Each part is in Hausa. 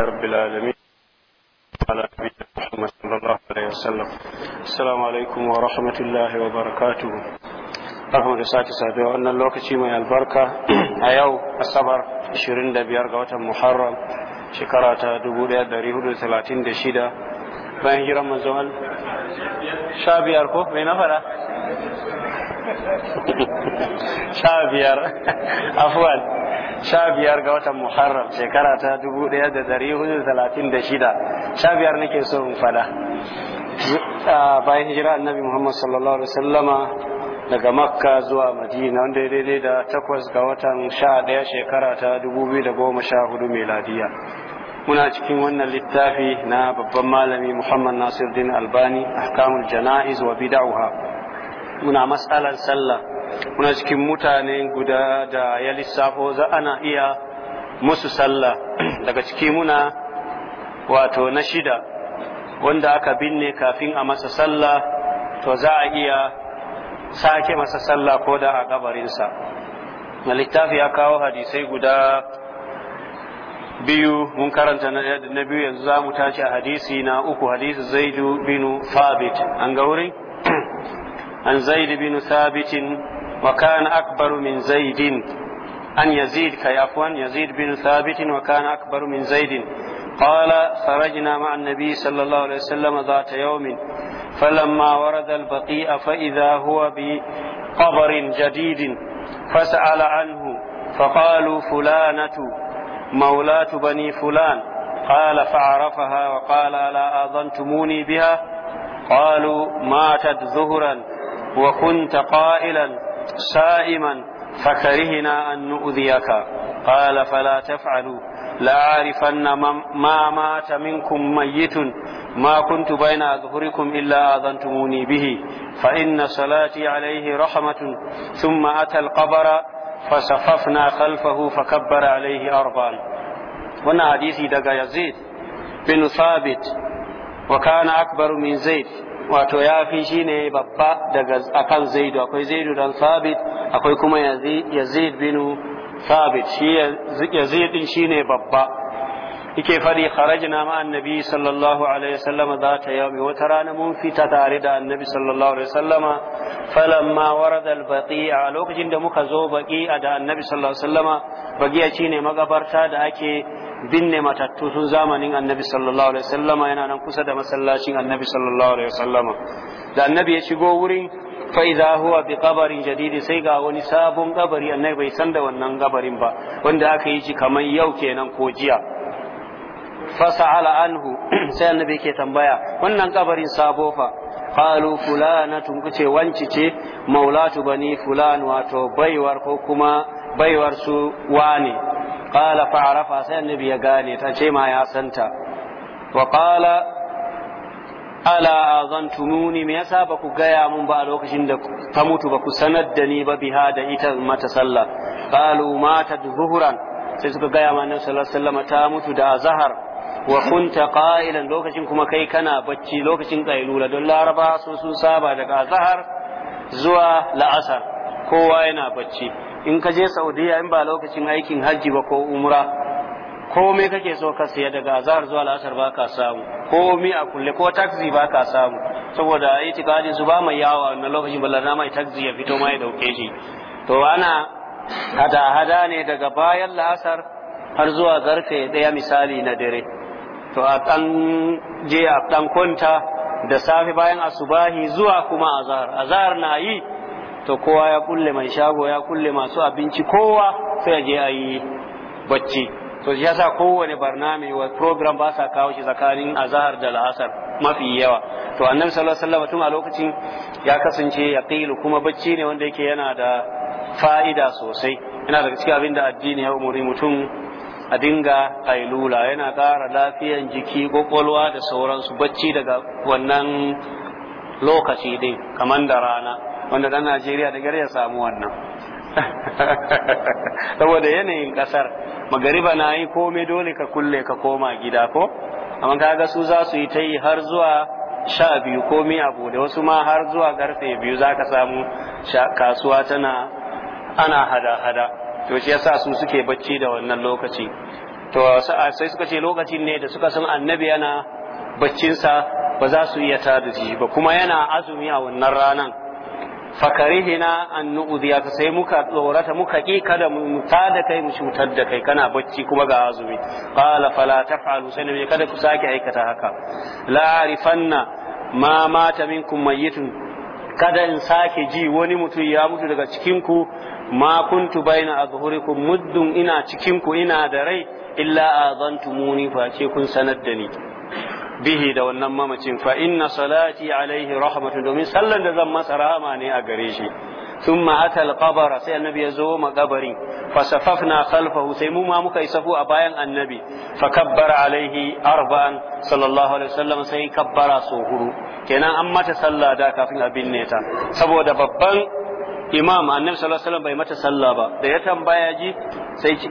رب العالمين على نبينا محمد صلى الله عليه وسلم السلام alaikum wa rahmatullahi wa barakatuhu. barkamu da sake saduwa wannan lokaci mai albarka a yau asabar 25 ga watan muharram shekara ta 1436 bayan hiran manzon sha biyar ko mai na fara sha biyar sha biyar ga watan muharram shekara ta dubu ɗaya da dari hudu talatin da shida sha biyar nake so in fada bayan hijira annabi muhammad sallallahu alaihi wasallama daga makka zuwa madina wanda ya daidai da takwas ga watan sha ɗaya shekara ta dubu biyu da goma sha hudu meladiya muna cikin wannan littafi na babban malami muhammad nasiruddin albani ahkamul jana'iz wa bid'uha muna masalan sallah muna cikin mutane guda da ya lissafo za ana iya musu sallah daga ciki muna wato na shida wanda aka binne kafin a masa sallah to za a iya sake masa sallah ko da a gabarinsa na littafi ya kawo hadisai guda biyu mun karanta na biyu yanzu za mu tashi a hadisi na uku hadisi zaidu binu fabit an ga wurin an zaidu binu sabitin وكان أكبر من زيد أن يزيد كي عفوا يزيد بن ثابت وكان أكبر من زيد قال خرجنا مع النبي صلى الله عليه وسلم ذات يوم فلما ورد البقيء فإذا هو بقبر جديد فسأل عنه فقالوا فلانة مولاة بني فلان قال فعرفها وقال ألا أظنتموني بها قالوا ماتت ظهرا وكنت قائلا صائما فكرهنا أن نؤذيك قال فلا تفعلوا لأعرفن ما مات منكم ميت ما كنت بين أظهركم إلا آذنتموني به فإن صلاتي عليه رحمة ثم أتى القبر فصففنا خلفه فكبر عليه أربعا هنا حديثي دقى يزيد بن ثابت وكان أكبر من زيد wato ya fi shi ne babba daga akan zaidu akwai zaidu dan sabit akwai kuma yazid binu sabit shi yazid din shi ne babba yake fari kharajna ma annabi sallallahu alaihi wasallam zata yawmi wata rana mun fita tare da annabi sallallahu alaihi wasallam falamma warada albaqi'a lokacin da muka zo baqi'a da annabi sallallahu alaihi wasallam baqi'a shine magabarta da ake binne matattu tun zamanin annabi sallallahu alaihi wasallam yana nan kusa da masallacin annabi sallallahu alaihi wasallam da annabi ya shigo wurin fa idza huwa bi qabarin jadidi sai ga wani sabon kabari annabi bai san da wannan kabarin ba wanda aka yi shi kamar yau kenan ko jiya fasa'ala anhu sai annabi yake tambaya wannan kabarin sabo fa qalu fulanatun kace wanci ce maulatu bani fulan wato baiwar ko kuma baiwar su wane qala fa'arafa sai annabi ya gane ta ce ma ya santa wa qala ala azantumuni me yasa ba ku gaya mun ba a lokacin da ta mutu ba ku sanar da ni ba biha da ita mata sallah qalu mata zuhuran sai suka gaya ma annabi sallallahu alaihi wasallam ta mutu da zahar wa kunta qa'ilan lokacin kuma kai kana bacci lokacin qailula don laraba sun sun saba daga azhar zuwa la'asar kowa yana bacci in ka je saudiya in ba lokacin aikin hajji ba ko umra ko me kake so ka siya daga azhar zuwa la'asar ba ka samu ko mi a kulle ko taxi ba ka samu saboda itikadin su ba mai yawa na lokacin ballana mai taxi ya fito ma ya dauke shi to ana hada-hada ne daga bayan la'asar har zuwa garfe daya misali na dare to a ɗan je a ɗan kwanta da safe bayan asubahi zuwa kuma azahar azahar na yi to kowa ya kulle mai shago ya kulle masu abinci kowa sai ya je a yi bacci to shi yasa kowane barnami wa program ba sa kawo shi tsakanin azahar da la'asar mafi yawa to annabi sallallahu alaihi wasallam tun a lokacin ya kasance ya qilu kuma bacci ne wanda yake yana da fa'ida sosai yana daga cikin abin da addini ya umuri mutum a dinga ƙailula yana ƙara lafiyan jiki kwakwalwa da sauransu bacci daga wannan lokaci din kamar da rana wanda ɗan najeriya da ya samu wannan saboda yanayin ƙasar magariba na yi komai dole ka kulle ka koma gida ko amma kaga su za su yi ta yi har zuwa sha biyu komai abu da wasu ma har zuwa karfe biyu za ka samu kasuwa tana ana hada-hada to shi yasa su suke bacci da wannan lokaci to sai suka ce lokacin ne da suka san annabi yana baccinsa ba za su iya tada shi ba kuma yana azumi a wannan ranan fakarihina an nu'udiya ka sai muka tsorata muka ki kada mu tada kai mu cutar da kai kana bacci kuma ga azumi qala fala taf'alu sai ne kada ku sake aikata haka la arifanna ma mata minkum mayyitun kada in sake ji wani mutum ya mutu daga cikinku ma kuntu baina azhurikum muddun ina cikinku ina da rai illa azantumuni fa ce kun sanar da ni bihi da wannan mamacin fa inna salati alaihi rahmatun domin sallan da zan masa rahama ne a gare shi thumma ata al sai annabi ya zo makabarin fasafaf na khalfahu sai muma muka yi safu a bayan annabi fa kabbara alaihi arba'an sallallahu alaihi wasallam sai kabbara so huru kenan an mata sallah da kafin a binne ta saboda babban imam annabi bai mata sallah ba da ya tambaya ji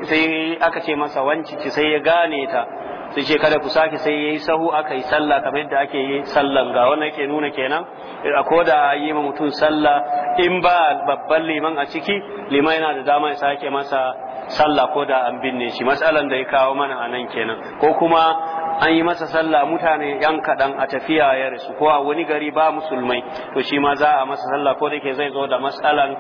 sai aka ce masa wanci sai ya gane ta sai ce kada ku sake sai yayi sahu aka yi sallah kamar yadda ake yi sallan ga wannan ke nuna kenan a koda yi ma mutum sallah in ba babban liman a ciki liman yana da dama ya sake masa sallah ko da an binne shi matsalan da ya kawo mana a nan kenan ko kuma an yi masa sallah mutane yan kaɗan a tafiya ya rasu ko a wani gari ba musulmai to shi ma za a masa sallah ko da ke zai zo da matsalan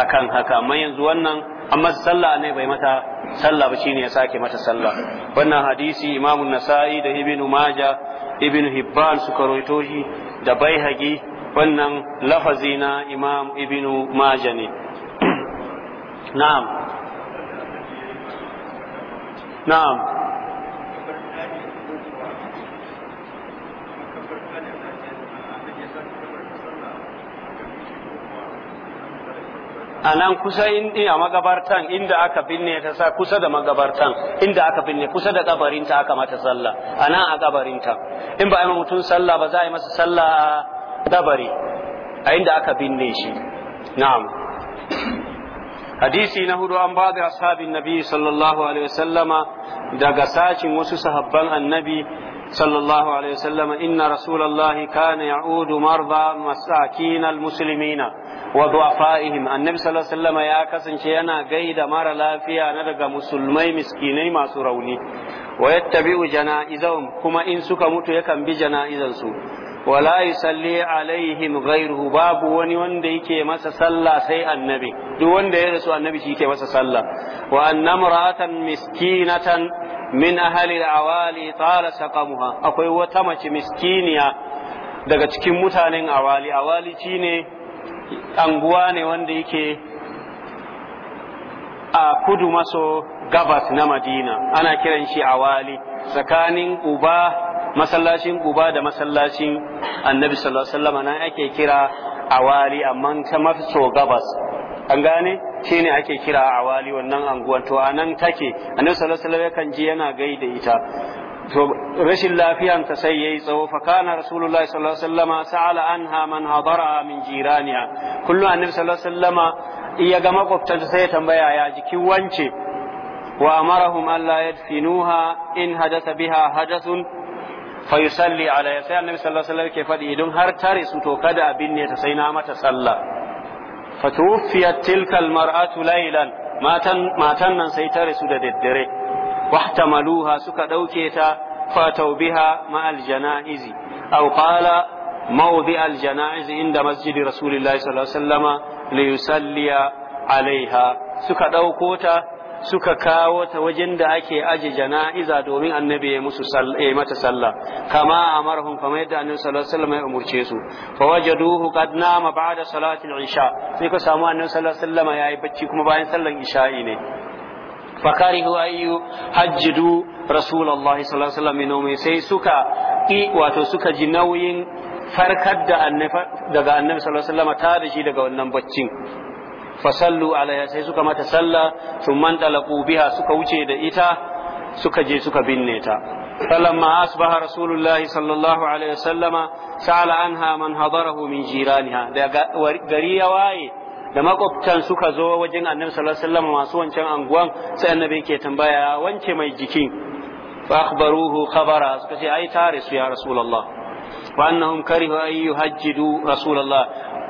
akan haka amma yanzu wannan an masa sallah ne bai mata sallah ba shine ya sake mata sallah wannan hadisi Imam nasa'i da ibnu maja ibnu hibban suka rawaito shi da baihaqi wannan lafazi na imam ibnu maja ne na'am na'am a nan kusa a magabartan inda aka binne ta sa kusa da magabartan inda aka binne kusa da kabarinta aka mata sallah a nan a kabarinta in ba a yi mutum sallah ba za a yi masa sallah a dabari a inda aka binne shi na'am hadisi na hudu an bada ashabin nabi sallallahu alaihi wasallama daga sashin wasu sahabban annabi صلى الله عليه وسلم إن رسول الله كان يعود مرضى مساكين المسلمين وضعفائهم النبي صلى الله عليه وسلم يا كسن شيئنا قيد مر لا فيها ندق مسلمي مسكيني ما سروني ويتبع جنائزهم كما إن سك مت يكن بجنائزا سوء wala yusalli alaihim ghairuhu babu wani wanda yake masa sallah sai annabi duk wanda ya rasu annabi shi yake masa sallah wa annamra'atan miskinatan min ahli al-awali tala saqamuha akwai wata mace miskiniya daga cikin mutanen awali awali shine anguwa ne wanda yake a kudu maso gabas na madina ana kiran shi awali tsakanin uba masallacin guba da masallacin Annabi sallallahu alaihi wasallam nan ake kira awali amma ta so gabas an gane shine ake kira awali wannan anguwar to anan take Annabi sallallahu alaihi wasallam yakan ji yana gaida ita to rashin lafiyan ta sai yayi tsawo fa kana rasulullahi sallallahu alaihi wasallama sa'ala anha man hadara min jiraniya kullu annabi sallallahu alaihi wasallama iya ga makwabtanta sai ya tambaya ya jikin wance wa amarahum alla yadfinuha in hadatha biha hadathun fa yusalli sai annabi sallallahu alaihi wasallam ke faɗi idan har tare su to kada a binne ta sai na mata sallah fa tuwfiyat mar'atu almar'atu laylan matan matan nan sai tare su da daddare wahtamaluha suka dauke ta fatau biha ma aljana'izi aw qala mawdi aljana'izi inda masjidi rasulillahi sallallahu alaihi wasallama liyusalliya alaiha suka dauko ta suka kawo ta wajen da ake aje jana'iza domin annabi ya musu ya mata sallah kama amarhum kamar yadda annabi sallallahu alaihi wasallam ya umurce su fa wajaduhu qad nama ba'da salati al-isha sai ka samu annabi sallallahu alaihi wasallam yayi bacci kuma bayan sallan isha'i ne karihu ayyu hajjidu rasulullahi sallallahu alaihi wasallam ne sai suka ki wato suka ji nauyin farkar da annabi daga annabi sallallahu alaihi wasallam ta da shi daga wannan baccin fasallu alaiha sai suka mata sallah sun mantalaqu biha suka wuce da ita suka je suka binne ta فلما أصبح رسول Sallallahu صلى الله عليه وسلم سأل عنها من حضره من جيرانها غري واي da makwabtan suka zo wajen annabi sallallahu alaihi masu wancan anguwan sai annabi ke tambaya wance mai jikin fa akhbaruhu khabara suka ce ai tare su ya rasulullah wa annahum karihu ay rasulullah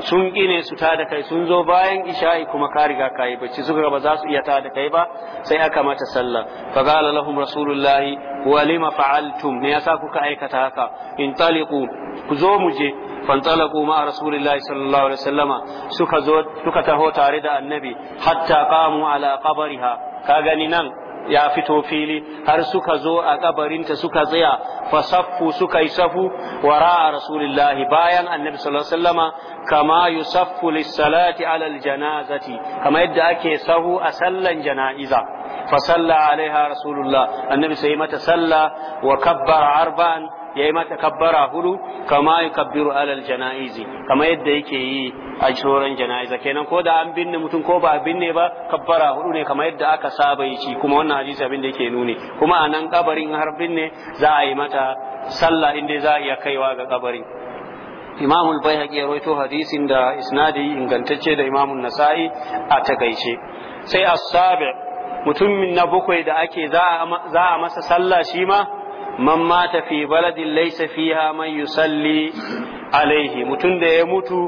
sun ƙine su ta da kai sun zo bayan isha'i kuma ka riga ka yi bacci suka ba za su iya ta da kai ba sai aka mata sallah fa qala lahum rasulullahi wa lima fa'altum me yasa kuka aikata haka in taliqu ku zo mu je fantalaqu ma rasulullahi sallallahu alaihi wasallama suka zo suka taho tare da annabi hatta qamu ala qabriha ka gani nan ya fito fili har suka zo a kabarinta suka tsaya saffu suka yi safu wara ra'a rasulillahi bayan annabi sallallahu alaihi kama yusaffu lis-salati ala al-janazati kama yadda ake sahu a sallan jana'iza fa salla alaiha rasulullah annabi sai mata salla wa kabbara arba'an ya yi mata kabbara hudu kama kabbiru alal janaizi kama yadda yake yi a shoran janaiza kenan ko da an binne mutum ko ba a binne ba kabbara hudu ne kama yadda aka saba yi ci kuma wannan hadisi abin da yake nuni kuma a nan kabarin har binne za a yi mata sallah inda za a iya kaiwa ga kabarin imamu al-bayhaqi ya rawaito hadisin da isnadi ingantacce da imamu nasa'i a takaice sai as-sabi mutumin na bakwai da ake za a masa sallah shi ma man mata fi baladin laysa fiha man yusalli alaihi mutum da ya mutu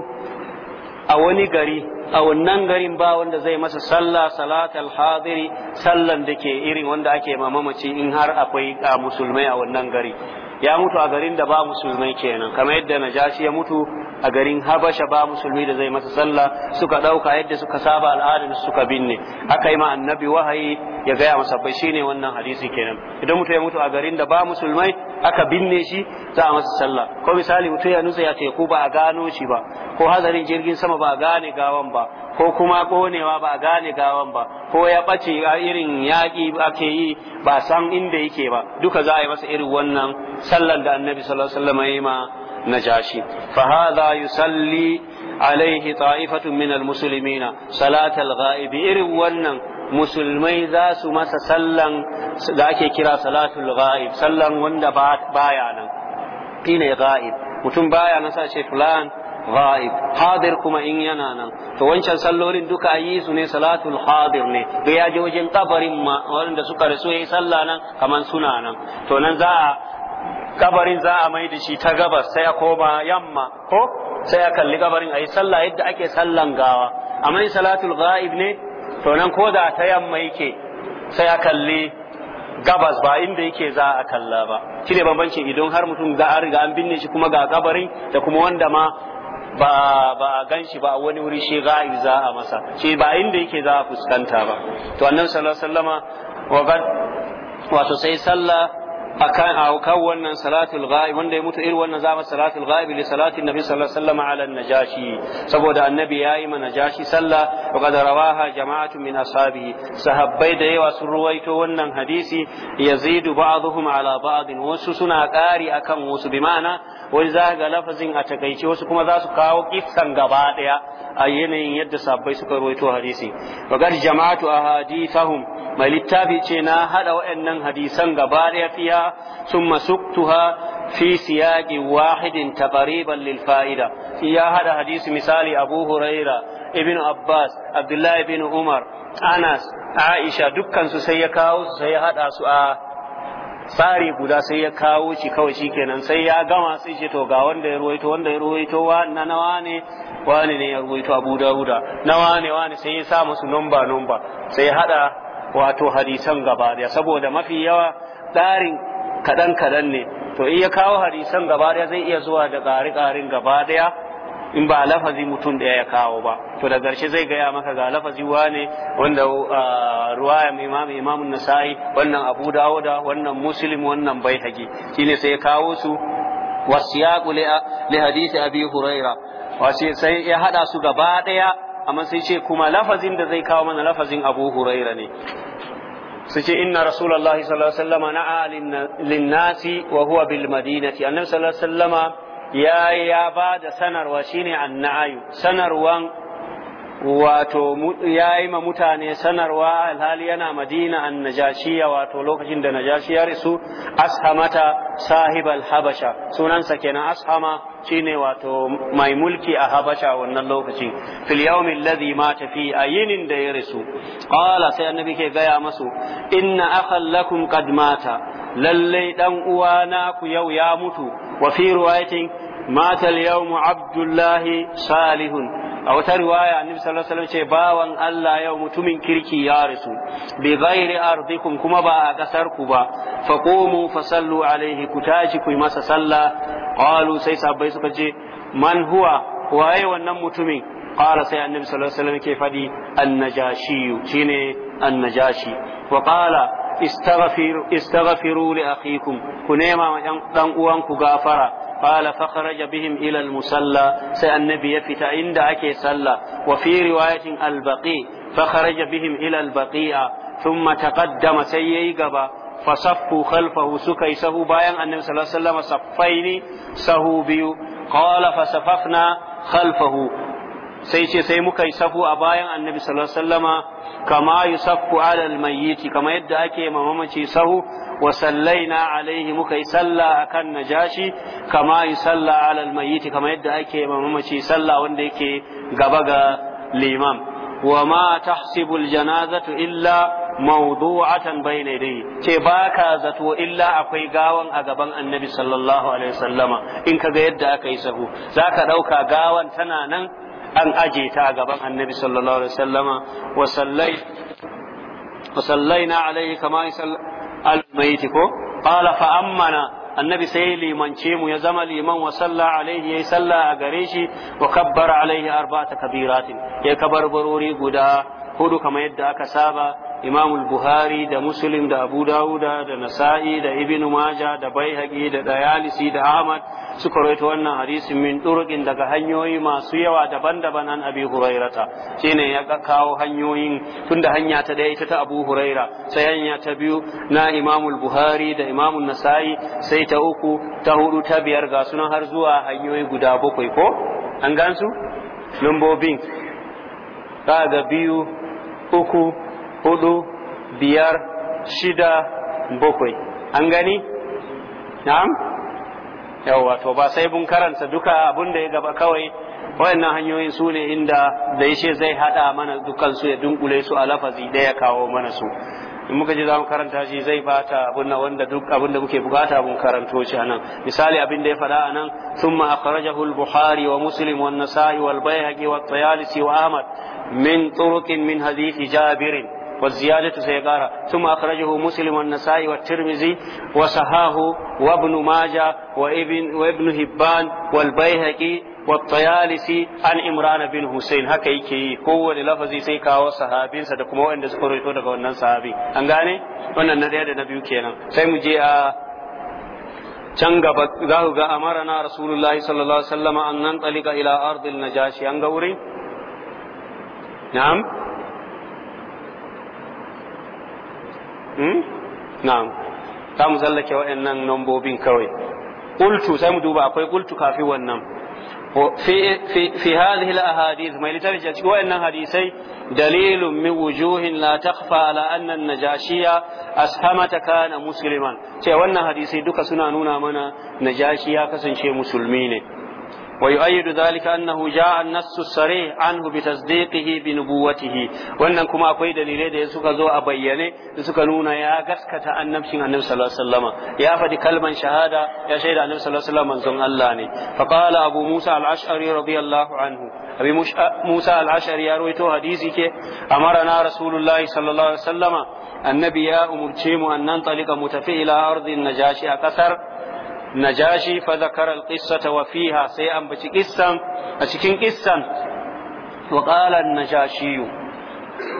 a wani gari a wannan garin ba wanda zai masa sallah salatal hadiri sallan da ke irin wanda ake mamamaci in har akwai a musulmai a wannan gari ya mutu a garin da ba musulmai kenan kamar yadda najashi ya mutu a garin habasha ba musulmi da zai masa sallah suka ɗauka yadda suka saba al'adar suka binne aka yi ma annabi wahayi ya gaya masa bai shine wannan hadisi kenan idan mutum ya mutu a garin da ba musulmai aka binne shi za a masa sallah ko misali mutum ya nutse ya teku ba a gano shi ba ko hazarin jirgin sama ba a gane gawan ba ko kuma konewa ba gane gawan ba ko ya ɓace irin yaƙi ake yi ba san inda yake ba duka za a yi masa irin wannan sallar da annabi sallallahu alaihi ma najashi fahaza yusalli alaihi ta'ifatun min almuslimina salatal ghaib irin wannan musulmai za su masa sallan da ake kira salatul ghaib sallan wanda baya nan shine ghaib mutum baya nan sai fulan ghaib hadir kuma in yana nan to wancan sallolin duka ayi su ne salatul hadir ne da ya je wajen kabarin ma wanda suka rasu yayi sallah nan kaman suna nan to nan za a kabarin za a mai da shi ta gabas sai a koma yamma ko sai a kalli kabarin ayi sallah yadda ake sallan gawa amma in salatul ghaib ne to nan ko da ta yamma yake sai a kalli gabas ba inda yake za a kalla ba Cire ne bambancin idan har mutum a an binne shi kuma ga kabarin da kuma wanda ma ba ba a ganshi ba a wani wuri shi ga'i za a masa shi ba inda yake za a fuskanta ba to annabi sallallahu alaihi wasallama wato sai sallah akan aukan wannan salatul ghaib wanda ya mutu irin wannan zama salatul ghaib li salatin nabi sallallahu alaihi wasallam ala najashi saboda annabi yayi ma najashi sallah wa qad rawaha jama'atun min ashabi sahabbai da yawa sun ruwaito wannan hadisi yazidu ba'dhum ala ba'd wasu suna ƙari akan wasu bi wani za ga lafazin a takaice wasu kuma za su kawo kissan gaba daya a yanayin yadda sabbai suka rawaito hadisi bagar jama'atu ahadithahum mai littafi ce na hada waɗannan hadisan gaba daya fiya summa suktuha fi siyaqi wahidin taqriban lil fa'ida ya hada hadisi misali abu huraira ibn abbas abdullahi ibn umar anas aisha dukkan su sai ya kawo su sai ya hada su a tsari guda sai ya kawo shi kawai kenan sai ya gama sai ce to ga wanda ya ruwaito wanda ya ruwaito wa na nawa ne wani ne ya ruwaito Abu dauda nawa ne wani sai ya sa musu numba numba sai hada wato hadisan gaba daya saboda mafi yawa tsarin kadan kadan ne to in ya kawo hadisan gaba daya zai iya zuwa da ƙari ƙarin gaba daya in ba lafazi mutum ɗaya ya kawo ba to da garshe zai gaya maka ga lafazi wane wanda ruwaya imam imam nasa'i wannan abu dawuda wannan muslim wannan baihaqi shine sai ya kawo su wasiyaqu li hadisi abi huraira wasi sai ya hada su gaba ɗaya amma sai ce kuma lafazin da zai kawo mana lafazin abu huraira ne su ce inna rasulullahi sallallahu alaihi na'a lin nasi wa huwa bil madinati annabi sallallahu alaihi wasallama ya ya ba da sanarwa shine annayu sanarwan wato ya yi ma mutane sanarwa alhali yana madina an najashiya wato lokacin da ya risu ashamata sahibal habasha sunansa kenan ashama shine wato mai mulki a habasha wannan lokaci fil yawmi alladhi mata fi ayinin da ya risu qala sai annabi ke gaya masu inna akhal lakum qad mata lallai dan uwa na ku yau ya mutu wa fi riwayatin mata abdullahi salihun a wata riwaya annabi sallallahu alaihi wasallam ce bawan Allah yau mutumin kirki ya rasu bi ghairi ardikum kuma ba a kasar ku ba fa qumu fa sallu alaihi ku tashi ku masa sallah qalu sai sabai suka ce man huwa waye wannan mutumin qala sai annabi sallallahu alaihi wasallam ke fadi an-najashi shine an-najashi wa qala استغفروا لأخيكم كنيما دان uwanku غفرا قال فخرج بهم إلى المسلى سأنبي يفت عند أكي سلى وفي رواية البقي فخرج بهم إلى البقيع ثم تقدم سيئي قبا فصفوا خلفه سكي سهو بايا النبي صلى الله عليه وسلم صفين سهو بيو قال فصففنا خلفه sai ce sai muka yi sahu a bayan annabi sallallahu alaihi wasallama kama yusaffu ala almayyiti kama yadda ake ma mamaci sahu wa sallaina alaihi muka yi salla akan najashi kama yusalla ala almayyiti kama yadda ake ma mamaci salla wanda yake gaba ga limam wa ma tahsibu aljanazatu illa mawdu'atan bayna yadayhi ce baka zato illa akwai gawan a gaban annabi sallallahu alaihi wasallama in kaga yadda aka yi sahu zaka dauka gawan tana nan an aje ta a gaban annabi sallallahu alaihi wasallama wa sallai wa sallaina alaihi kama yusall al-mayyit ko qala fa ammana annabi sai limance mu ya zama liman wa salla alaihi yayi salla a gare shi wa kabbara alaihi arba'ata kabiratin ya kabarbarori guda hudu kamar yadda aka saba imam buhari da muslim da abu Dawud da nasa'i da ibn maja da baihaqi da dayalisi da ahmad suka rawaito wannan hadisin min turuqin daga hanyoyi masu yawa daban-daban an abi hurairata shine ya kawo hanyoyin tunda hanya ta daya ita ta abu huraira sai hanya ta biyu na imam buhari da imam nasa'i sai ta uku ta hudu ta biyar ga sunan har zuwa hanyoyi guda bakwai ko an gansu lambobin ga biyu uku hudu biyar shida bakwai an gani na'am yawa to ba sai bun karanta duka abun da ya gaba kawai wayannan hanyoyin su ne inda da yace zai hada mana dukan su ya dunkule su a lafazi daya kawo mana su in muka ji za mu karanta shi zai bata abun wanda duk abun da kuke bukata mun karanto shi anan misali abin da ya faɗa anan thumma akhrajahu al-bukhari wa muslim wa an-nasa'i wal bayhaqi wa at-tayalisi wa ahmad min turuqin min hadithi jabirin والزيادة سيقارا ثم أخرجه مسلم والنسائي والترمذي وصحاه وابن ماجة وابن, وابن هبان والبيهقي والطيالسي عن إمران بن حسين هكا يكي هو للفظي سيكا وصحابين سدكم وإن ذكروا يتودا وإن صحابي أنغاني وإن ندير نبيو كينا سيمجي can ba za ku ga amara na rasulullahi sallallahu alaihi wasallam an nan talika ila ardil najashi an gauri na'am Hmm? na'am mu tsallake waɗannan nambobin kawai ƙultu sai mu duba akwai kultu kafin wannan fi hadhihi al ahadith mai litarja cikin waɗannan hadisai dalilun min wujuhin la takhfa ala anna najashiya ashamata kana musliman ce wannan hadisai duka suna nuna mana najashiya kasance musulmi ne ويؤيد ذلك أنه جاء النص الصريح عنه بتصديقه بنبوته وأن كما أقول دليل ده سوك زو أبينه سوك نونا يا غسكة النبي النبي صلى الله عليه وسلم يا فدي كلمة شهادة يا شهيد النبي صلى الله عليه وسلم من زن الله فقال أبو موسى العشعري رضي الله عنه أبي موسى العشعري يرويته حديثي كي أمرنا رسول الله صلى الله عليه وسلم النبي يا أمرتهم أن ننطلق متفئ إلى أرض النجاشي أكثر najashi fa zakara alqissata wa fiha sai ambaci kissan a cikin kissan wa qala najashi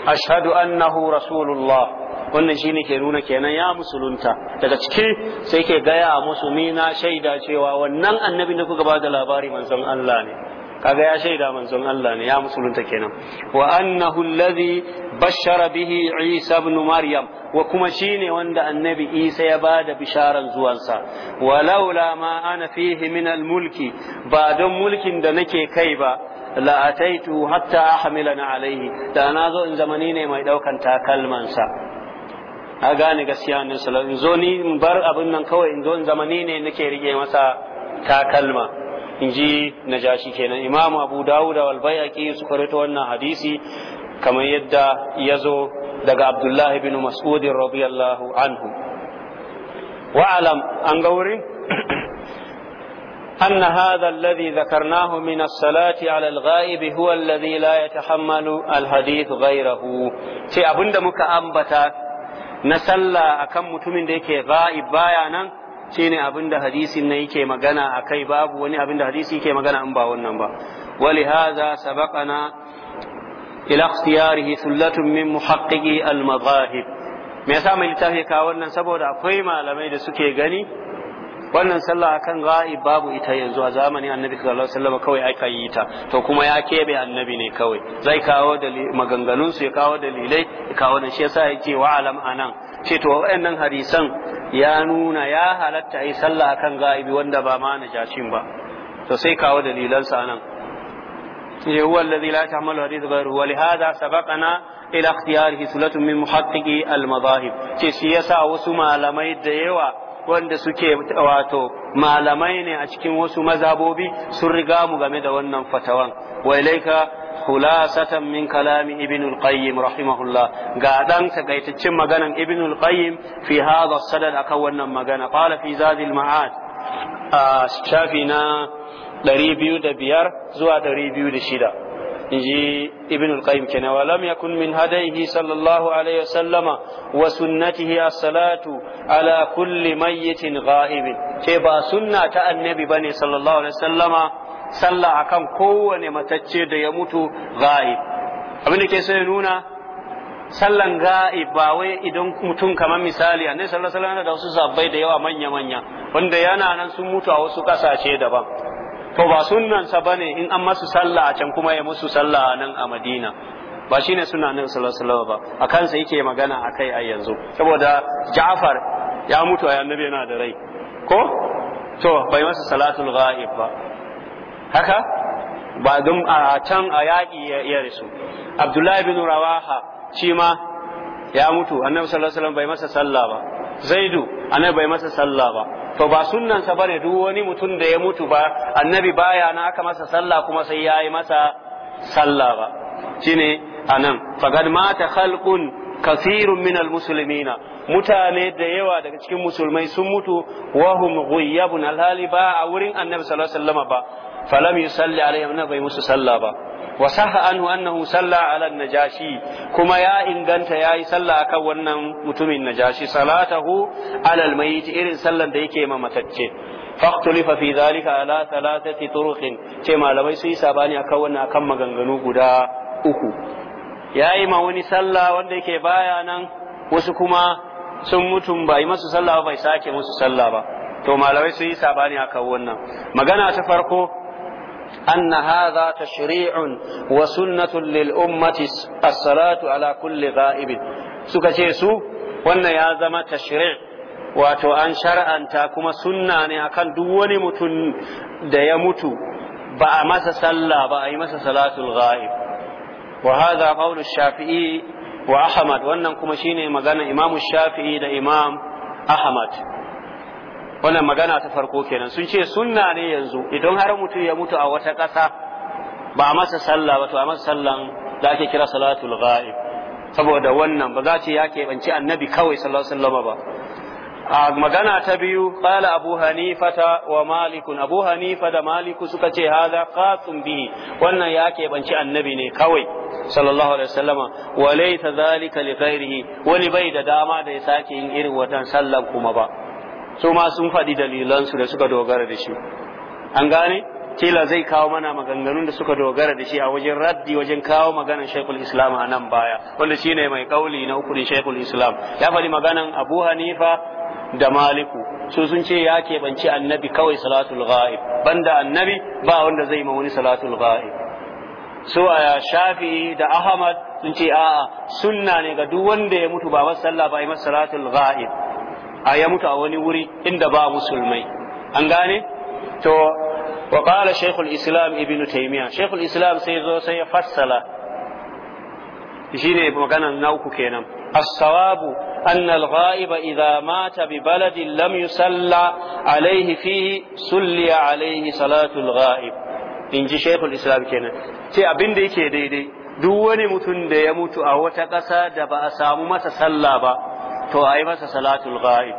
ashhadu annahu rasulullah wannan shi ne ke nuna kenan ya musulunta daga ciki sai ke gaya musu mina na shaida cewa wannan annabi da kuka ba da labari manzon Allah ne kaga ya shaida manzon Allah ne ya musulunta kenan wa annahu allazi bashara bihi Isa ibn Maryam wa kuma shine wanda annabi Isa ya bada bisharan zuwansa wa laula ma ana fihi min al-mulki ba don mulkin da nake kai ba la ataitu hatta ahmilana alaihi da na zo in zamani ne mai daukan sa. a gane gaskiya ne salatu zo ni bar abin nan kawai in zo in zamani ne nake rike masa takalma in ji najashi kenan imam abu dawuda wal bayhaqi suka rawaito wannan hadisi kamar yadda ya zo daga abdullahi bin mas'ud radiyallahu anhu wa'alam an ga wurin أن هذا الذي ذكرناه من الصلاة على الغائب هو الذي لا يتحمل الحديث غيره في أبند مك أنبتا نسلى أكم متمن ديك غائب بايانا shine abin da hadisin nan yake magana a kai babu wani abin da hadisi yake magana in ba wannan ba wali haza, sabaqana ila ikhtiyarihi sullatun min muhaqqiqi al madahib me yasa mai littafi ka wannan saboda akwai malamai da suke gani wannan sallah akan ga'ib babu ita yanzu a zamanin annabi sallallahu alaihi wasallam kawai aka yi ta to kuma ya kebe annabi ne kawai zai kawo maganganun su ya kawo dalilai ya kawo nan shi yasa yake wa alam anan ce to waɗannan hadisan ya nuna ya halatta yi sallah akan ga'ibi wanda ba ma najashin ba to sai kawo dalilansa nan ya huwa alladhi la ta'malu hadith ghayru wa hadha sabaqana ila ikhtiyarihi sulatun min muhaqqiqi al-madahib ce shi yasa wasu malamai da yawa wanda suke wato malamai ne a cikin wasu mazabobi sun riga mu game da wannan fatawan wa ilaika خلاصة من كلام ابن القيم رحمه الله قادم تقيت تشمغنا ابن القيم في هذا الصدد أكونا مغنا قال في زاد المعاد آه شافنا دريبيو دبيار زوا دريبيو دشيدا نجي ابن القيم كنا ولم يكن من هديه صلى الله عليه وسلم وسنته الصلاة على كل ميت غائب كيبا سنة النبي بني صلى الله عليه وسلم sallah akan kowane matacce da ya mutu ghaib abin da ke sai nuna sallan ghaib ba wai idan mutum kamar misali ne sallallahu alaihi da wasu sabbai da yawa manya manya wanda yana nan sun mutu a wasu kasashe daban to ba sunnan sa bane in an masu sallah a can kuma ya musu sallah nan a Madina ba shine sunna annabi sallallahu alaihi ba akan sa yake magana akai a yanzu saboda Ja'far ya mutu a annabi yana da rai ko to bai masa salatul ghaib ba haka ba don a can a yaƙi ya rasu abdullahi bin rawaha shi ma ya mutu annabi sallallahu alaihi bai masa sallah ba zaidu annabi bai masa sallah ba to ba sunnansa bane duk wani mutum da ya mutu ba annabi baya na aka masa sallah kuma sai ya yi masa sallah ba shine anan faqad mata khalqun kasirun min musulmina mutane da yawa daga cikin musulmai sun mutu wahum na alhali ba a wurin annabi sallallahu alaihi ba falam yusalli alaihim na bai musu sallah ba Wasaha, sahha anhu annahu salla ala najashi kuma ya inganta yayi sallah akan wannan mutumin najashi salatahu ala almayit irin sallan da yake ma matacce فاختلف في ذلك على ثلاثة طرق كما لم يسي ساباني أكونا كم مغنغنو قدا أكو يا إما وني سلا وندي كي بايانا وسكما سمتم باي مسو سلا وباي ساكي musu sallah ba. to malamai sun yi sabani a kan wannan magana ta farko wa أن هذا تشريع ala للأمة الصلاة Suka كل غائب سكتيسو وأن يازم تشريع wato an shar'anta kuma sunna ne akan duk wani mutum da ya mutu ba a masa sallah ba a yi masa salatul ghaib wa hadha qawlu shafi'i wa ahmad wannan kuma shine magana imamu shafi'i da imam ahmad wannan magana ta farko kenan sun ce sunna ne yanzu idan har mutum ya mutu a wata ƙasa ba a masa sallah ba to a masa sallan da ake kira salatul ghaib saboda wannan ba za ce ya keɓanci annabi kawai sallallahu alaihi wasallam ba a magana ta biyu qala abu hanifata wa malikun abu hanifa da maliku suka ce hadha qasun bihi wannan ya keɓanci annabi ne kawai sallallahu alaihi wasallama wa laysa dhalika li ghairihi wani bai da dama da ya sake yin irin wannan sallan kuma ba su ma sun faɗi dalilansu da suka dogara da shi an gane kila zai kawo mana maganganun da suka dogara da shi a wajen raddi wajen kawo maganan shaikul islam a nan baya wanda shine mai kauli na ukuri shaikul islam ya faɗi maganan abu hanifa da maliku su sun ce ya keɓanci annabi kawai salatul ghaib banda annabi ba wanda zai ma wani salatul ghaib su a shafi da ahmad sun ce a'a sunna ne ga duk wanda ya mutu ba masa sallah ba yi masa salatul ghaib a ya mutu a wani wuri inda ba musulmai an gane to wa qala shaykhul islam ibnu taymiya shaykhul islam sai zo sai ya fassala shine maganan na uku kenan الصواب أن الغائب إذا مات ببلد لم يصلى عليه فيه صلي عليه صلاة الغائب إن جي شيخ الإسلام كنا تي أبن دي كي yake daidai duk wani mutum da ya mutu a wata ƙasa da ba a samu masa sallah ba to a yi masa salatul ghaib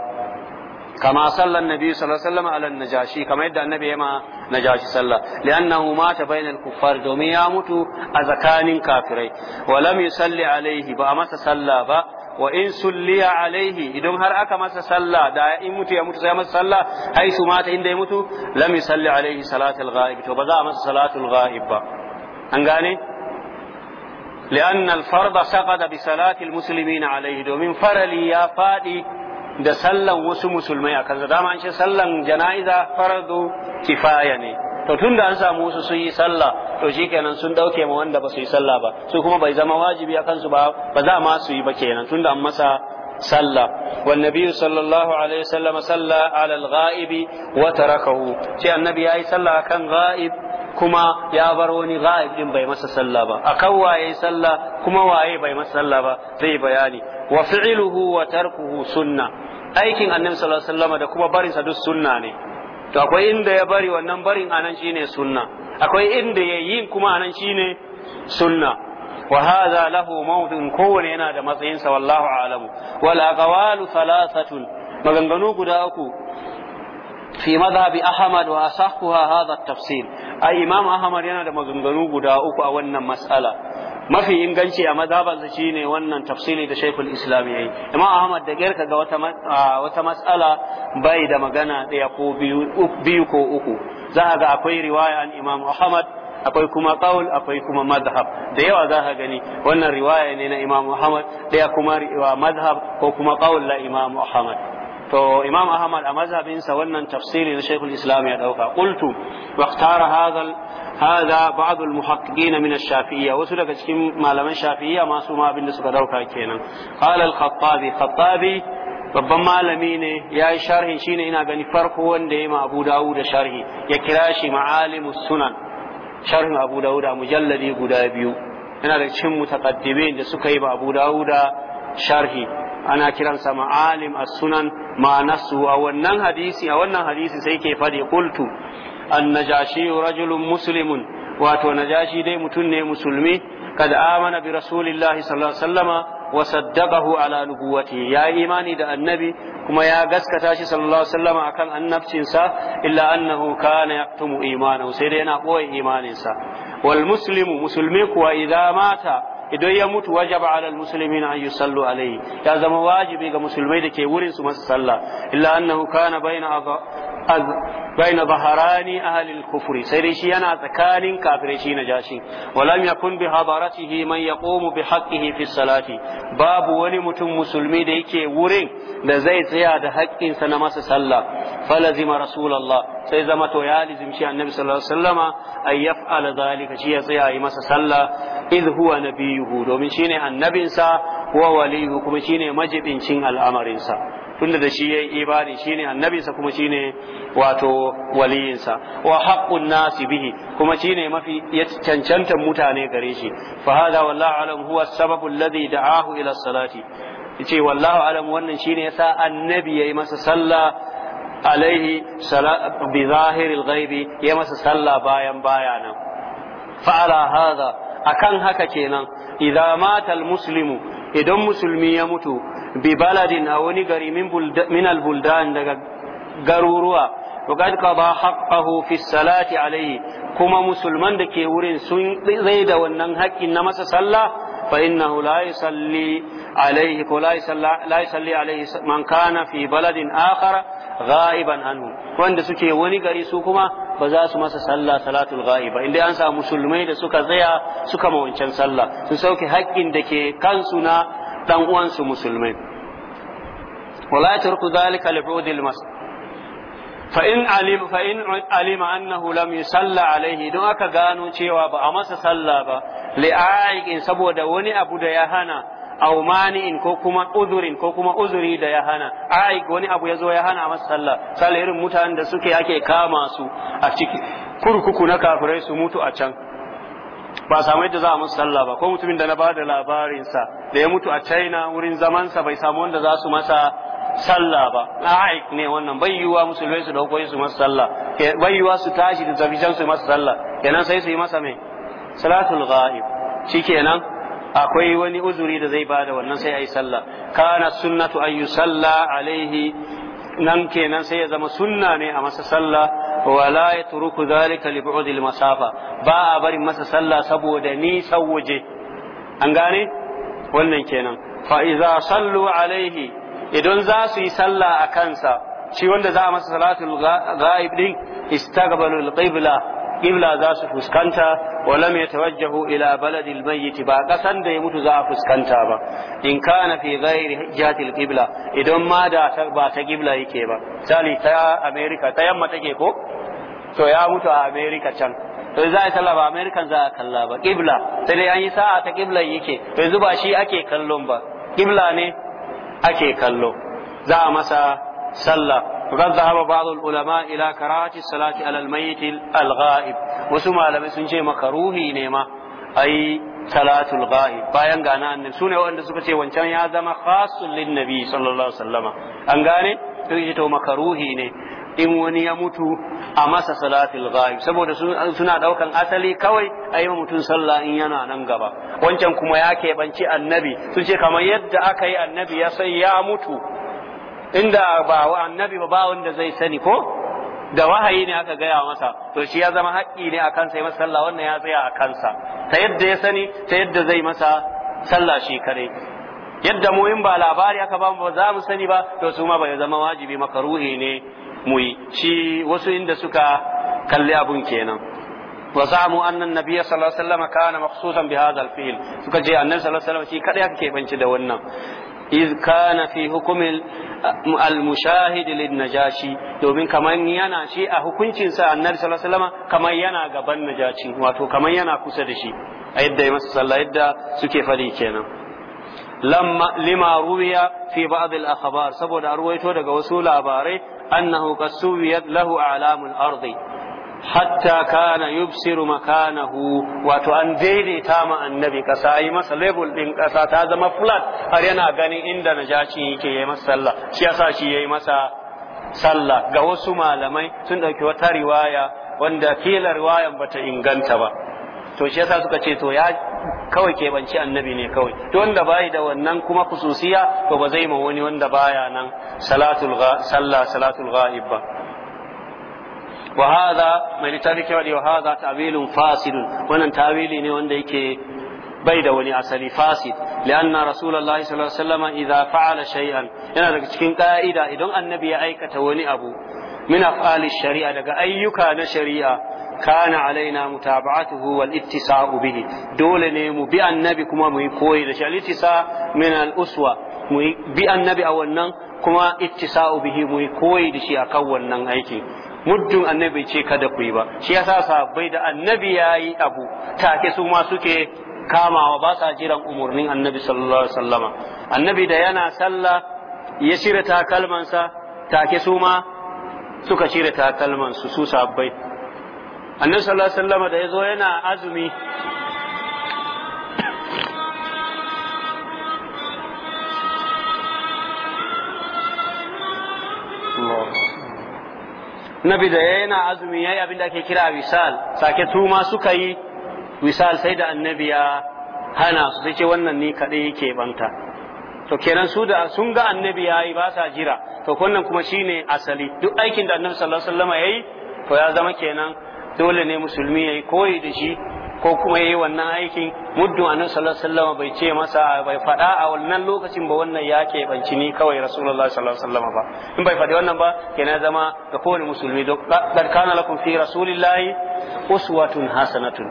kama sallan nabi sallallahu alaihi wasallam ala najashi kama yadda annabi yama najashi sallah li'annahu mata bainal kuffar domin ya mutu a tsakanin kafirai wa lam yusalli alaihi ba a masa sallah ba wa in sulliya alaihi idan har aka masa sallah da in mutu ya mutu sai masa sallah haisu mata inda ya mutu lam yusalli alaihi salatul ghaib to ba za a masa salatul ghaib ba an gane لأن الفرض سقط بصلاة المسلمين عليه دومين فرلي يا فادي da sallan wasu musulmai a kansa dama an ce sallan jana'iza fardu kifaya ne to tun da an samu wasu sun yi salla to shikenan sun dauke ma wanda ba su yi salla ba su kuma bai zama wajibi a kansu ba ba za ma su yi ba kenan tun da an masa salla. wan nabiyyu sallallahu alaihi wasallam salla ala al-ghaibi wa tarakahu sai annabi yayi sallah kan ghaib kuma ya bar wani ghaib din bai masa sallah ba akan waye sallah kuma waye bai masa sallah ba zai bayani wa fi'luhu wa tarkuhu sunna aikin annabi sallallahu alaihi wasallam da kuma barin sa duk sunna ne to akwai inda ya bari wannan barin anan shine sunna akwai inda ya yi kuma anan shine sunna hadha lahu موضع kowane yana da matsayinsa wallahu a'lamu wal aqwalu thalathatun maganganu guda uku fi madhhabi ahmad wa asahuha hadha at-tafsir ai imam ahmad yana da maganganu guda uku a wannan mas'ala mafi inganci a mazhabansa shine wannan tafsiri da shaykhul islam yayi imam ahmad da gerka ga wata wata mas'ala bai da magana daya ko biyu ko uku za ga akwai riwaya an imam ahmad akwai kuma qaul akwai kuma madhhab da yawa za ka gani wannan riwaya ne na imam ahmad daya kuma madhhab ko kuma qaul na imam ahmad to imam ahmad a mazhabinsa wannan tafsiri da shaykhul islam ya dauka qultu wa ikhtara hadha hadha ba'd al muhaqqiqin min ash-shafi'iyya wasu daga cikin malaman shafi'iyya masu su ma abin da suka dauka kenan qala al khattabi khattabi babban malami ne ya yi sharhi shine ina gani farko wanda ya ma abu dawud da sharhi ya kira shi ma'alimus sunan sharhin abu dawud a mujalladi guda biyu yana da cikin mutaqaddimin da suka yi ba abu dawud sharhi ana kiransa ma'alim as-sunan ma nasu a wannan hadisi a wannan hadisi sai ke fadi qultu an-najashi rajulun muslimun wato najashi dai mutum ne musulmi kad amana bi rasulillahi sallallahu alaihi wasallama wa saddaqahu ala nubuwati ya imani da annabi kuma ya gaskata shi sallallahu alaihi wasallama akan annabcinsa illa annahu kana yaktumu imanahu sai dai yana boye imaninsa wal muslimu musulmi kuwa idza mata idan ya mutu wajaba alal muslimin an yusallu alayhi ya zama wajibi ga musulmai da ke wurin su masa sallah illa annahu kana baina baina baharani ahli al sai dai shi yana tsakanin kafirai shi na jashi walam yakun bi hadaratihi man yaqumu bi haqqihi fi salati babu wani mutum musulmi da yake wurin da zai tsaya da sa na masa sallah falazima rasulullah sai zama to ya lizimci annabi sallallahu alaihi wasallama ay yaf'ala dhalika shi ya tsaya yi masa sallah idh huwa biyu. waliyuhu domin shine annabinsa wa waliyuhu kuma shine majibincin al'amarinsa tunda da shi yayi ibadi shine annabinsa kuma shine wato waliyinsa wa haqqun nasi bihi kuma shine mafi cancantan mutane gare shi fa hada wallahu alam huwa sababu alladhi da'ahu ila salati yace wallahu alam wannan shine yasa annabi yayi masa sallah alaihi bi zahiril ghaibi yayi masa sallah bayan baya bayanan fa'ala hada akan haka kenan idza mata almuslimu idan musulmi ya mutu bi baladin a wani gari min albuldan daga garuruwa وقد قضى حقه في الصلاة عليه كما مسلمان دا كي ورين سن زيدا ونن حق إنما صلى فإنه لا يصلي عليه ولا يصلي, لا يصلي عليه من كان في بلد آخر ghaiban anhu wanda suke wani gari su kuma ba za su masa sallah salatul ghaiba inda an samu musulmai da suka tsaya suka mawancan sallah su sauke haƙƙin da ke kansu na dan uwansu musulmai wala tarku zalika li'udil mas fa in alim fa in alima annahu lam yusalla alaihi don aka gano cewa ba a masa sallah ba li'aiqin saboda wani abu da ya hana aw mani'in ko kuma uzurin ko kuma uzuri da ya hana ai wani abu ya zo ya hana masa sallah sallah irin mutanen da suke ake kama su a ciki kurkuku na kafirai su mutu a can ba samu yadda za a musu sallah ba ko mutumin da na bada labarinsa da ya mutu a china wurin zamansa bai samu wanda za su masa sallah ba la'aik ne wannan bai yiwuwa musulmai su dauko su masa sallah bai yiwuwa su tashi da tafi su masa sallah kenan sai su yi masa mai salatul ghaib shikenan akwai wani uzuri da zai bada wannan sai ayi sallah kana sunnatu an yusalla alaihi nan kenan sai ya zama sunna ne a masa sallah wala ya turuku zalika li bu'dil masafa ba a barin masa sallah saboda ni waje an gane wannan kenan fa idza sallu alaihi idan za su yi sallah a kansa shi wanda za a masa salatul ghaib din istaqbalu al-qibla qibla za su fuskanta wa lam yatawajjahu ila baladi almayyit ba kasan da ya mutu za a fuskanta ba in kana fi ghairi jihati alqibla idan ma da ta ba ta qibla yake ba misali ta america ta yamma take ko to ya mutu a america can to za a sallah ba american za a kalla ba qibla sai dai an yi sa'a ta qibla yake to yanzu ba shi ake kallon ba qibla ne ake kallo za a masa sallah وقد ذهب بعض العلماء إلى كراهة الصلاة على الميت الغائب وسمع لم سنجي مكروهي الغائب bayan gana annabi suka ce wancan ya zama nabi sallallahu to ita ne in wani ya mutu a masa salatul ghaib saboda suna daukan asali kawai a yi mutum sallah in yana nan gaba wancan kuma ya keɓanci annabi sun ce kamar yadda aka yi annabi ya sai ya mutu inda ba wa annabi ba ba wanda zai sani ko da wahayi ne aka gaya masa to shi ya zama haƙƙi ne a kansa ya masa sallah wannan ya tsaya a kansa ta yadda ya sani ta yadda zai masa sallah shi kare yadda mu in ba labari aka ba mu ba za mu sani ba to su ma bai zama wajibi makaruhi ne mu yi shi wasu inda suka kalli abun kenan وزعموا أن النبي صلى الله عليه وسلم كان مخصوصا بهذا fil, suka je النبي صلى الله عليه وسلم شيء كذا كيف da دولنا iz kana fi hukumin al-mushahid lin-najashi domin kaman yana shi a hukuncin sa annabi sallallahu alaihi wasallam yana gaban najashi wato kamar yana kusa da shi a yadda ya masa sallah yadda suke fadi kenan lamma lima ruwiya fi ba'd al-akhbar saboda arwaito daga wasu labarai annahu qasawiyat lahu a'lamul ardi hatta kana yubsiru makanahu wato an daidaita ma annabi kasa yi masa label din kasa ta zama flat har yana ganin inda Najaci yake yi masa sallah shi yasa shi yayi masa sallah ga wasu malamai sun dauki wata riwaya wanda kila riwayan bata inganta ba to shi yasa suka ce to ya kawai kebanci annabi ne kawai to wanda bai da wannan kuma kususiya to ba zai ma wani wanda baya nan salatul sallah salatul ghaib ba Wahaza mai littafi kewa da Wahaza ta'wilun fasid wannan ta'wili ne wanda yake bai da wani asali fasid lianna rasulullahi sallallahu alaihi wasallam idza fa'ala shay'an yana daga cikin ƙa'ida idan annabi ya aikata wani abu min af'ali shari'a daga ayyuka na shari'a kana alaina mutaba'atuhu wal ittisa'u bihi dole ne mu bi annabi kuma mu yi koyi da shi al ittisa min mu bi annabi a wannan kuma ittisa'u bihi mu yi koyi da shi akan wannan aiki muddin annabi ce kada ku yi ba shi yasa sahabbai da annabi yayi abu take su ma suke kamawa ba sa jiran umurnin annabi sallallahu alaihi wasallama annabi da yana sallah ya shirya takalmansa take su ma suka shirya takalmansu su sahabbai annabi sallallahu alaihi wasallama da yazo yana azumi nabi da yana azumi yayi abin da ake kira wisal sake tuma suka yi wisal sai da annabi ya hana su sai ce wannan ni kaɗai yake banta to kenan su da sun ga annabi yayi ba sa jira to wannan kuma shine asali duk aikin da annabi sallallahu alaihi wasallam yi to ya zama kenan dole ne musulmi ya yi koyi da shi ko kuma yi wannan aikin muddin annabi sallallahu alaihi wasallam bai ce masa bai faɗa a wannan lokacin ba wannan ya ke banci ni kawai rasulullahi sallallahu alaihi wasallam ba in bai faɗi wannan ba yana zama ga kowane musulmi don qad kana lakum fi rasulillahi uswatun hasanatun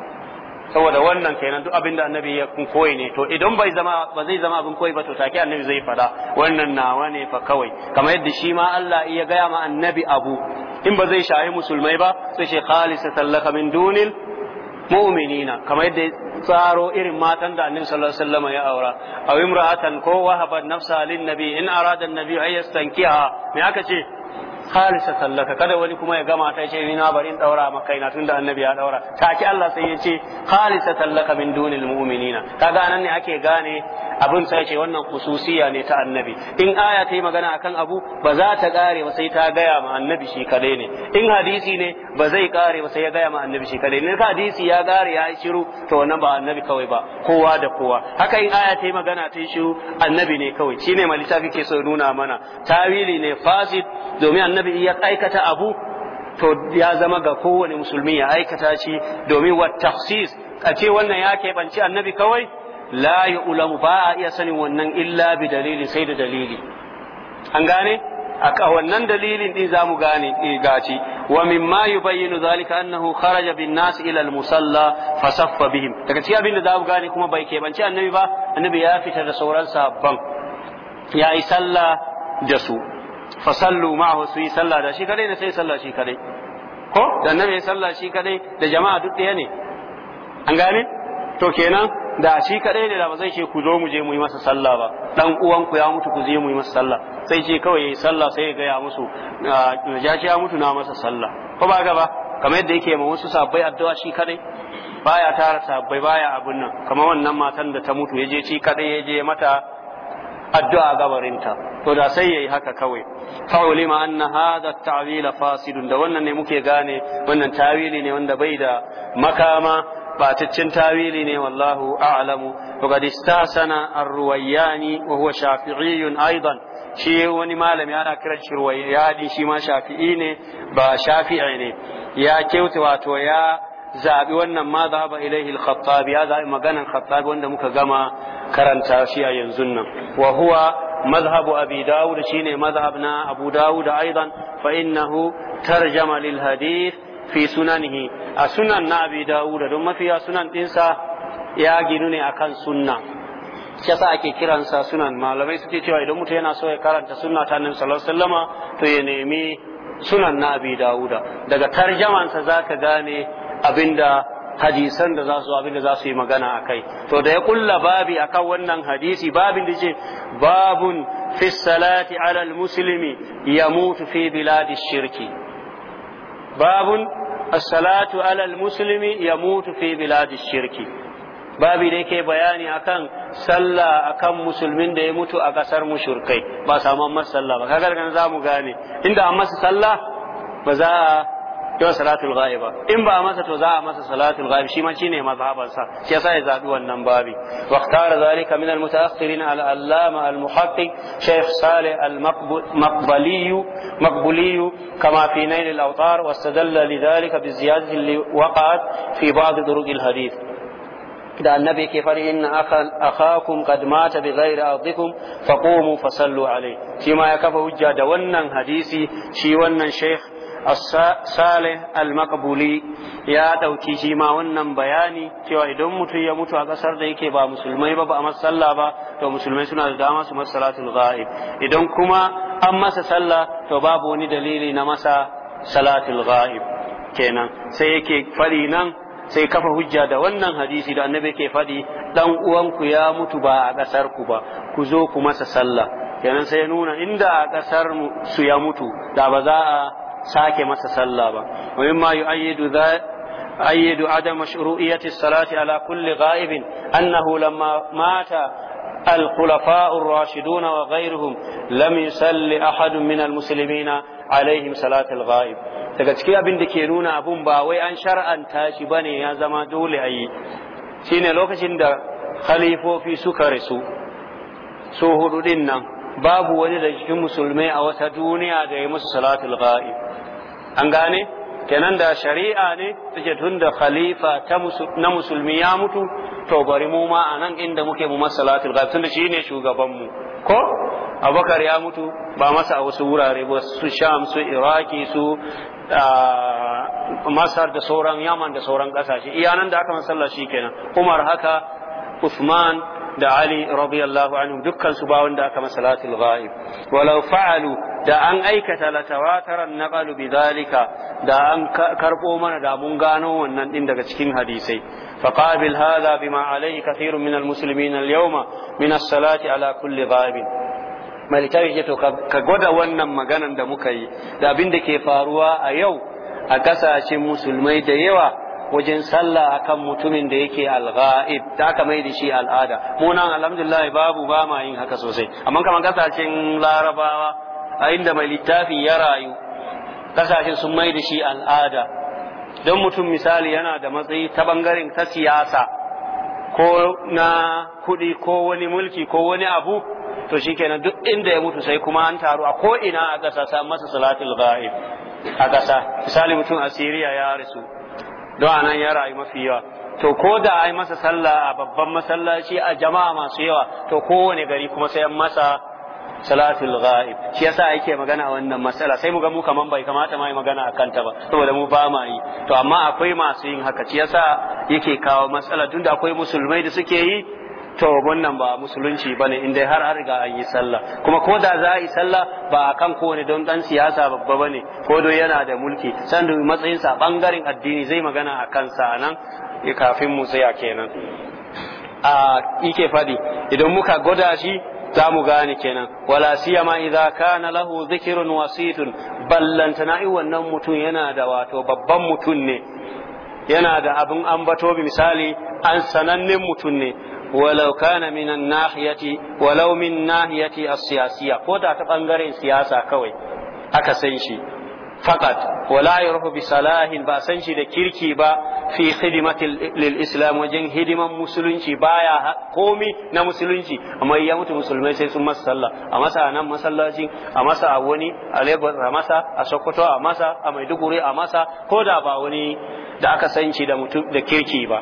saboda wannan kenan duk abinda annabi ya kun koyi ne to idan bai zama ba zai zama abin koyi ba to take annabi zai faɗa wannan nawa ne fa kawai kamar yadda shi ma Allah ya gaya ma annabi abu in ba zai shayi musulmai ba sai ce khalisatan laka min dunil mu'minina kamar yadda ya tsaro irin matan da annabi sallallahu alaihi wasallam ya aura aw imra'atan ko wahabat nafsa lin nabi in arada an-nabi ay yastankiha me aka ce khalisatan laka kada wani kuma ya gama ta ce ina bari in daura maka ina tunda annabi ya daura take Allah sai ya ce khalisatan laka min dunil mu'minina kaga nan ne ake gane abin sai ce wannan khususiya ne ta annabi in aya ta yi magana akan abu ba za ta kare ba sai ta gaya ma annabi shi kadai ne in hadisi ne ba zai kare ba sai ya gaya ma annabi shi kadai ne hadisi ya kare ya shiru to wannan ba annabi kawai ba kowa da kowa haka in aya ta yi magana ta yi shiru annabi ne kawai shine malita ke so nuna mana tawili ne fasid domin annabi ya aikata abu to ya zama ga kowane musulmi ya aikata shi domin wa tafsis a ce wannan ya keɓanci annabi kawai la ya ulamu ba a iya sanin wannan illa bi dalili sai da dalili an gane a wannan dalilin din zamu gane eh, gaci wa mimma yubayyinu zalika annahu kharaja bin nas ila al musalla fasaffa bihim daga cikin abin da zamu gane kuma bai keɓanci annabi ba annabi ya fita da sauran sahabban ya yi sallah da su fa sallu ma'ahu su yi sallah da shi kadai da sai sallah shi kadai ko da nabi ya sallah shi kadai da jama'a duk ɗaya ne an gane to kenan da shi kadai ne da ba zai ce ku zo mu je mu yi masa sallah ba dan uwan ku ya mutu ku je mu yi masa sallah sai ce kawai yayi sallah sai ya gaya musu ah, ce ya mutu na masa sallah ko ba ga ba kamar yadda yake ma wasu sabbai addu'a shi kadai baya tara sabbai baya abun nan kamar wannan matan da ta mutu ya je shi kadai ya je mata addu'a gabarinta to da sai yayi haka kawai fa ulima anna hadha fasidun da wannan ne muke gane wannan tawili ne wanda bai da makama bataccen tawili ne wallahu a'lamu to qad istasana ar-ruwayyani wa huwa shafi'iyyun aidan shi wani malami ana kiran shi ruwayyani shi ma shafi'i ne ba shafi'i ne ya kyauta wato ya zaɓi wannan ma za ba ilaihi al-khattabi ya zaɓi maganan khattabi wanda muka gama karanta shi a yanzu nan wa huwa مذهب أبي داود شيني مذهبنا أبو داود أيضا فإنه ترجم للحديث في سننه السنن أبي داود ثم فيها سنن إنسا يا جنوني أكن سنة shi yasa ake kiransa sunan malamai suke cewa idan mutum yana so ya karanta sunna ta annabi sallallahu alaihi wasallama to ya nemi sunan na abi daga tarjamansa zaka gane abinda hadisan da za su abinda za su yi magana a kai to da ya kulla babi akan wannan hadisi babin da ce babun fi salati ala muslimi ya mutu fi biladi shirki babun as-salatu ala muslimi ya mutu fi biladi shirki babi da yake bayani akan sallah akan musulmin da ya mutu a kasar mushrikai ba samu amma sallah ba kaga daga za mu gane inda amma masa sallah ba za a yau salatul ghaiba in ba a masa to za a masa salatul ghaib shi ma shine mazhabansa shi yasa ya zabi wannan babi wa ikhtara zalika min al mutaakhirin al allama al muhaqqiq shaykh salih al maqbali maqbuli kama fi nail al awtar wastadalla lidhalika bi ziyadati li waqa'at fi ba'd turuq al hadith da annabi ke fari inna akhakum qad mata bi ghairi ardikum faqumu fasallu alayhi shi ma ya kafa hujja da wannan hadisi shi wannan shaykh salih al-maqbuli ya ɗauki shi ma wannan bayani cewa idan mutum ya mutu a ƙasar da yake ba musulmai ba ba a masa sallah ba to musulmai suna da dama su masa salatul ghaib idan kuma an masa sallah to babu wani dalili na masa salatul ghaib kenan sai yake fari nan sai kafa hujja da wannan hadisi da annabi ke faɗi dan uwanku ya mutu ba a ƙasar ku ba ku zo ku masa sallah kenan sai ya nuna inda a ƙasar su ya mutu da ba za a sake masa sallah ba wa mimma yu'ayyidu أيد عدم شروعية الصلاة على كل غائب أنه لما مات الخلفاء الراشدون وغيرهم لم يسل أحد من المسلمين عليهم صلاة الغائب daga cikin abin da ke nuna abun ba wai an shar'anta shi ba ne ya zama dole a yi shine lokacin da khalifofi suka rasu su hudu din nan babu wani da cikin musulmai a wata duniya da ya musu salatul ghaib an gane kenan da shari'a ne take tun da khalifa na musulmi ya mutu to bari mu ma a nan inda muke mu masalatul ghaib tun da shi ne shugaban mu ko Abakar ya mutu ba masa a wasu wurare ba su sham su iraki su masar da sauran yaman da sauran kasashe iya nan da aka masallaci kenan umar haka usman da Ali radiyallahu anhu dukkan su ba wanda aka masa salatul ghaib walau fa'alu da an aikata la tawataran naqalu bidhalika da an karbo mana da mun gano wannan din daga cikin hadisai faqabil hadha bima alayhi kathirun min almuslimin alyawma min as-salati ala kulli ghaib malikai ya to ka gwada wannan maganan da muka yi da abin da ke faruwa a yau a kasashen musulmai da yawa wajen sallah akan mutumin da yake alghaib ta ka mai da shi al'ada mu nan alhamdulillah babu ba ma yin haka sosai amma kamar kasashen larabawa a inda mai littafi ya rayu kasashen sun mai da shi al'ada don mutum misali yana da matsayi ta bangaren ta siyasa ko na kuɗi ko wani mulki ko wani abu to shikenan duk inda ya mutu sai kuma an taru a ko ina a ƙasa sa masa salatul ghaib a ƙasa misali mutum a Siriya ya rasu don anan ya rayu mafi yawa to ko da ai masa sallah a babban masallaci a jama'a masu yawa to kowane gari kuma sai an masa salatul ghaib shi yasa yake magana a wannan matsala sai mu ga mu kaman bai kamata ma yi magana a kanta ba saboda mu ba ma yi to amma akwai masu yin haka shi yasa yake kawo matsala tunda akwai musulmai da suke yi to wannan ba musulunci bane in dai har an riga an yi sallah kuma ko da za a yi sallah ba a kan kowane don dan siyasa babba bane ko don yana da mulki san da sa bangaren addini zai magana a kansa nan kafin mu tsaya kenan a yake faɗi idan muka gwada shi za mu gane kenan wala siyama idza kana lahu dhikrun wasitun ballantana wannan mutum yana da wato babban mutum ne yana da abin ambato misali an sanannen mutum ne walau kana nahiyati walau min nahiyati a siyasiya ko da ta bangaren siyasa kawai aka san shi faqat wala yurhu bi salahin ba san da kirki ba fi khidmati lil islam wajen hidiman musulunci baya komi na musulunci amma ya musulmai sai sun masa sallah a masa nan masallaci a masa a wani a Lagos a masa a Sokoto a masa a dukuri a masa ko da ba wani da aka san da da kirki ba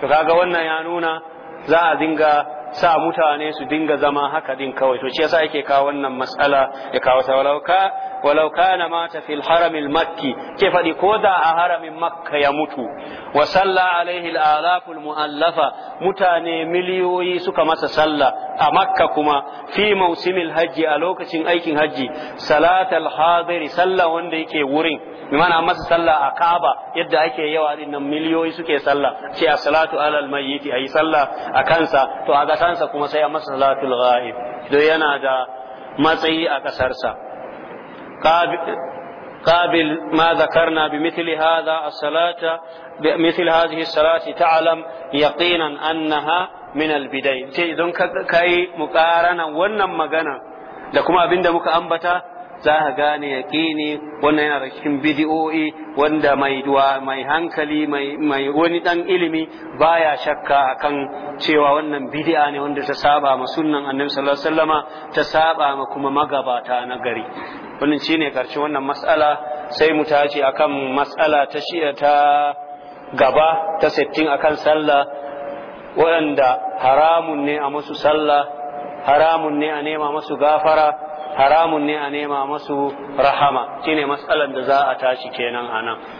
to kaga wannan ya nuna za a dinga sa mutane su dinga zama haka din kawai to shi yasa yake kawo wannan matsala ya kawo sawalauka walau kana mata fil haramil makki ke faɗi ko da a haramin makka ya mutu wa salla alaihi alaful mu'allafa mutane miliyoyi suka masa sallah. a makka kuma fi mausimil hajji a lokacin aikin hajji salatal hadiri sallah wanda yake wurin bimana masa salla a kaaba yadda ake yawa din nan miliyoyi suke salla ce a salatu alal mayyiti ayi sallah a kansa to a gasansa kuma sai a masa salatul ghaib don yana da matsayi a kasarsa قابل ما ذكرنا بمثل هذا الصلاة بمثل هذه الصلاة تعلم يقينا أنها من البداية إذن كاي مقارنة ونم مغانا لكم أبين دمك أنبتا za ka gane yaqini wannan yana da cikin bidiyoyi wanda mai duwa mai hankali mai wani dan ilimi baya shakka akan cewa wannan bidi'a ne wanda ta saba ma sunnan annabi sallallahu alaihi ta saba ma kuma magabata na gari wannan shine karshe wannan matsala sai mu tashi akan matsala ta shi'a ta gaba ta sittin akan sallah waɗanda haramun ne a masu sallah haramun ne a nema masu gafara haramun ne a nema masu rahama shine matsalar da za a tashi kenan anan